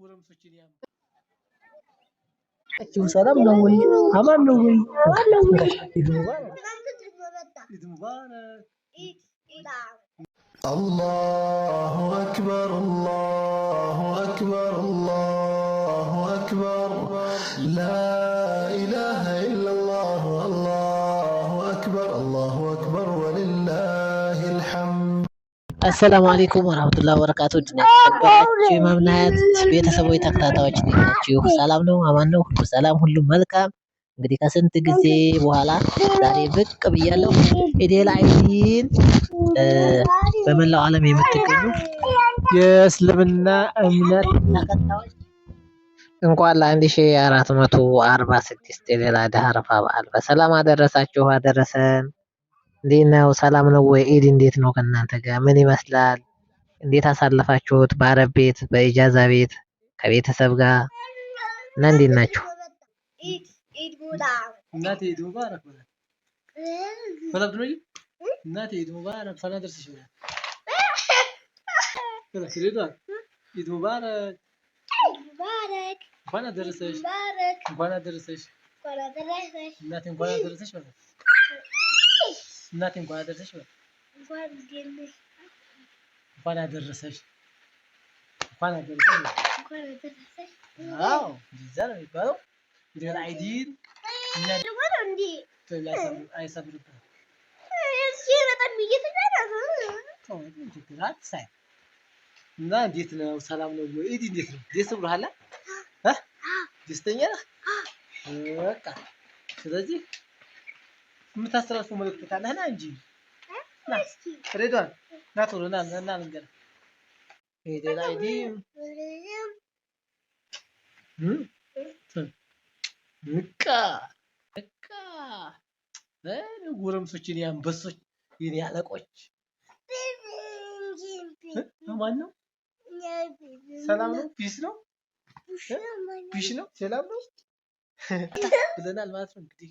पूरम सुचिरिया क्यों सारा हम लोग वही हम हम लोग वही हम लोग वही ईद मुबारक ईद मुबारक अल्लाह अकबर अल्लाह አሰላሙ አሌይኩም ወራህመቱላሂ ወበረካቱ ድና የመምናያት ቤተሰቦች ተከታታዮች ናችሁ። ሰላም ነው፣ አማን ነው፣ ሁሉ ሰላም፣ ሁሉ መልካም። እንግዲህ ከስንት ጊዜ በኋላ ዛሬ ብቅ ብያለሁ። ኢዴል አይዲን በመላው ዓለም የምትገኙ የእስልምና እምነት ተከታዮች እንኳን ለአንድ ሺ አራት መቶ አርባ ስድስት ኢዴል አድሃ አረፋ በዓል በሰላም አደረሳችሁ አደረሰን። እንዴት ነው? ሰላም ነው ወይ? ኢድ እንዴት ነው ከእናንተ ጋር? ምን ይመስላል? እንዴት አሳለፋችሁት? በአረብ ቤት፣ በኢጃዛ ቤት፣ ከቤተሰብ ጋር እና እንዴት ናችሁ? እናቴ እንኳን አደረሰሽ እናቴ እንኳን አደረሰሽ ነው። እንኳን አደረሰሽ እንኳን አደረሰሽ። አዎ እንደዛ ነው የሚባለው። እንዲሆን አይዲን አይሰብርብህም። እና እንዴት ነው? ሰላም ነው ወይ? ኢዲ እንዴት ነው? ደስ ብሎሃል? ደስተኛ ነህ? በቃ ስለዚህ የምታስተላልፈው መልእክት ካለህ ና እንጂ ሬድዋን ና ቶሎ ና ና ጎረምሶች የኔ አንበሶች የኔ አለቆች ማን ነው? ሰላም ነው? ፒስ ነው? ፒሽ ነው? ሰላም ነው ብለናል ማለት ነው እንግዲህ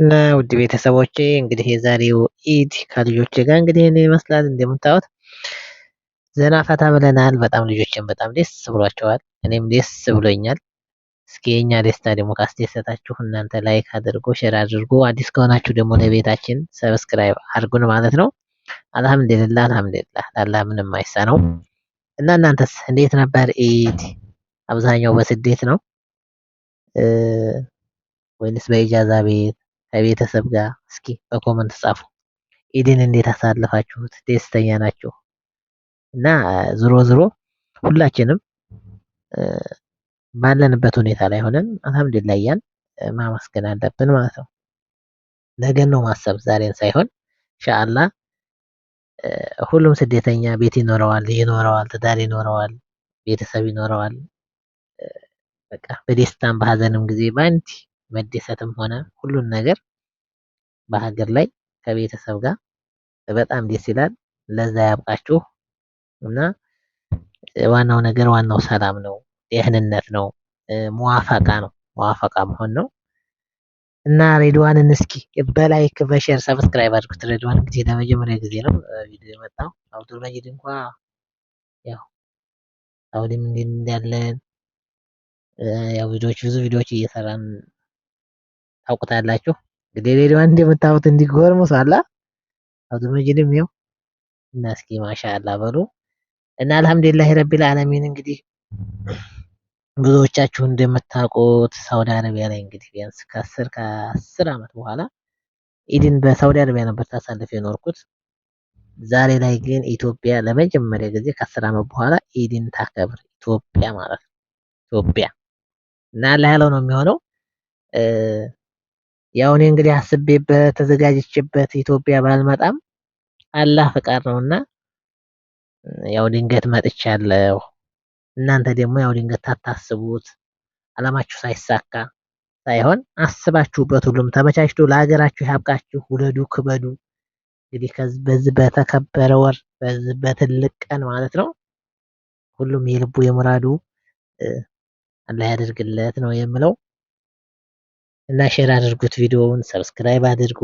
እና ውድ ቤተሰቦቼ እንግዲህ የዛሬው ኢድ ከልጆቼ ጋር እንግዲህ እኔ ይመስላል። እንደምታዩት ዘና ፈታ ብለናል። በጣም ልጆችን በጣም ደስ ብሏቸዋል። እኔም ደስ ብሎኛል። እስኪ የኛ ደስታ ደግሞ ካስደሰታችሁ እናንተ ላይክ አድርጎ ሼር አድርጎ አዲስ ከሆናችሁ ደግሞ ለቤታችን ሰብስክራይብ አድርጉን ማለት ነው። አልሐምዱሊላህ አልሐምዱሊላህ ላላ ምንም አይሳ ነው እና እናንተስ እንዴት ነበር ኢድ? አብዛኛው በስደት ነው ወይንስ በኢጃዛ ቤት ከቤተሰብ ጋር? እስኪ በኮመንት ጻፉ። ኢድን እንዴት አሳልፋችሁት? ደስተኛ ናችሁ? እና ዝሮ ዝሮ ሁላችንም ባለንበት ሁኔታ ላይ ሆነን አልሐምዱሊላህ እያልን ማመስገን አለብን ማለት ነው። ነገን ነው ማሰብ ዛሬን ሳይሆን ኢንሻአላ ሁሉም ስደተኛ ቤት ይኖረዋል፣ ይኖረዋል፣ ትዳር ይኖረዋል፣ ቤተሰብ ይኖረዋል። በቃ በደስታም በሀዘንም ጊዜ በአንድ መደሰትም ሆነ ሁሉን ነገር በሀገር ላይ ከቤተሰብ ጋር በጣም ደስ ይላል። ለዛ ያብቃችሁ እና ዋናው ነገር ዋናው ሰላም ነው፣ ደህንነት ነው፣ መዋፈቃ ነው፣ መዋፈቃ መሆን ነው። እና ሬድዋንን እስኪ በላይክ በሼር ሰብስክራይብ አድርጉት። ሬድዋን እንግዲህ ለመጀመሪያ ጊዜ ነው ቪዲዮ የመጣው። አብዱል መጂድ እንኳ ያው አሁንም እንዲያለን ያው ቪዲዮዎች ብዙ ቪዲዮዎች እየሰራን ታውቁታላችሁ። እንግዲህ ሌላው እንደምታዩት እንዲጎርሙስ አብዱ አውቶሜጅንም ይው እና እስኪ ማሻአላ በሉ እና አልሐምዱሊላህ ረቢል ዓለሚን። እንግዲህ ብዙዎቻችሁ እንደምታውቁት ሳውዲ አረቢያ ላይ እንግዲህ ቢያንስ ከአስር ከአስር አመት በኋላ ኢድን በሳውዲ አረቢያ ነበር ታሳልፍ የኖርኩት። ዛሬ ላይ ግን ኢትዮጵያ ለመጀመሪያ ጊዜ ከአስር አመት በኋላ ኢድን ታከብር ኢትዮጵያ ማለት ነው ኢትዮጵያ እና ለያለው ነው የሚሆነው። ያው እኔ እንግዲህ አስቤበት ተዘጋጅቼበት ኢትዮጵያ ባልመጣም አላህ ፈቃድ ነውና ያው ድንገት መጥቻለሁ። እናንተ ደግሞ ያው ድንገት ታታስቡት አላማችሁ ሳይሳካ ሳይሆን አስባችሁበት ሁሉም ተመቻችቶ ለሀገራችሁ ያብቃችሁ። ውለዱ፣ ክበዱ። እንግዲህ ከዚህ በዚህ በተከበረ ወር በዚህ በትልቅ ቀን ማለት ነው ሁሉም የልቡ የሙራዱ አላህ ያደርግለት ነው የምለው እና ሼር አድርጉት ቪዲዮውን፣ ሰብስክራይብ አድርጉ።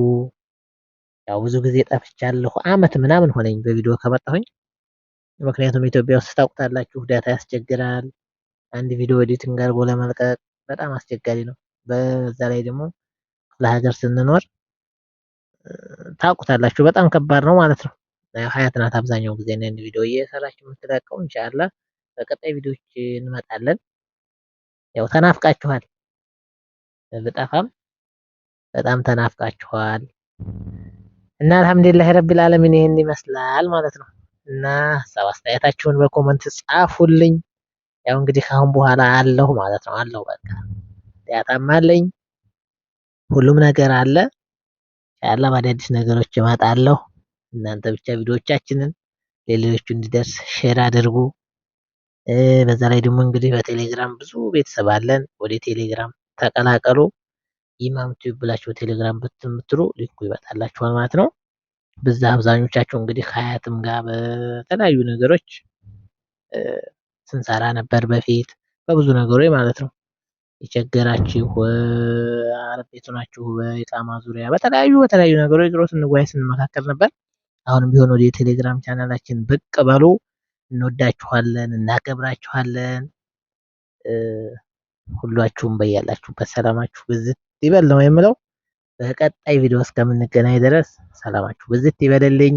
ያው ብዙ ጊዜ ጠፍቻለሁ፣ አመት ምናምን ሆነኝ በቪዲዮ ከመጣሁኝ። ምክንያቱም ኢትዮጵያ ውስጥ ታውቁታላችሁ ዳታ ያስቸግራል። አንድ ቪዲዮ ኤዲቲንግ አድርጎ ለመልቀቅ በጣም አስቸጋሪ ነው። በዛ ላይ ደግሞ ለሀገር ስንኖር ታውቁታላችሁ በጣም ከባድ ነው ማለት ነው። ሀያት ናት አብዛኛው ጊዜ ቪዲዮ እየሰራችሁ የምትለቀው። እንሻላ በቀጣይ ቪዲዮች እንመጣለን። ያው ተናፍቃችኋል፣ በጠፋም በጣም ተናፍቃችኋል። እና አልሐምዱሊላህ ረቢል ዓለሚን ይሄን ይመስላል ማለት ነው። እና ሀሳብ አስተያየታችሁን በኮመንት ጻፉልኝ። ያው እንግዲህ ካሁን በኋላ አለሁ ማለት ነው አለሁ በቃ ጤናም አለኝ ሁሉም ነገር አለ። ያላ አዳዲስ ነገሮች እመጣለሁ። እናንተ ብቻ ቪዲዮዎቻችንን ለሌሎቹ እንዲደርስ ሼር አድርጉ። በዛ ላይ ደግሞ እንግዲህ በቴሌግራም ብዙ ቤተሰብ አለን። ወደ ቴሌግራም ተቀላቀሉ። ኢማም ቲዩብ ብላችሁ ቴሌግራም ብትምትሉ ሊንኩ ይመጣላችኋል ማለት ነው። በዛ አብዛኞቻችሁ እንግዲህ ከሀያትም ጋር በተለያዩ ነገሮች ስንሰራ ነበር በፊት በብዙ ነገሮች ማለት ነው። የቸገራችሁ አረብ ቤቱ ናችሁ፣ በኢቃማ ዙሪያ በተለያዩ በተለያዩ ነገሮች ዞሮ ስንወያይ ስንመካከል ነበር። አሁንም ቢሆን ወደ ቴሌግራም ቻናላችን ብቅ በሉ። እንወዳችኋለን እናከብራችኋለን። ሁላችሁም በያላችሁበት ሰላማችሁ ብዝት ይበል ነው የምለው። በቀጣይ ቪዲዮ እስከምንገናኝ ድረስ ሰላማችሁ ብዝት ይበልልኝ።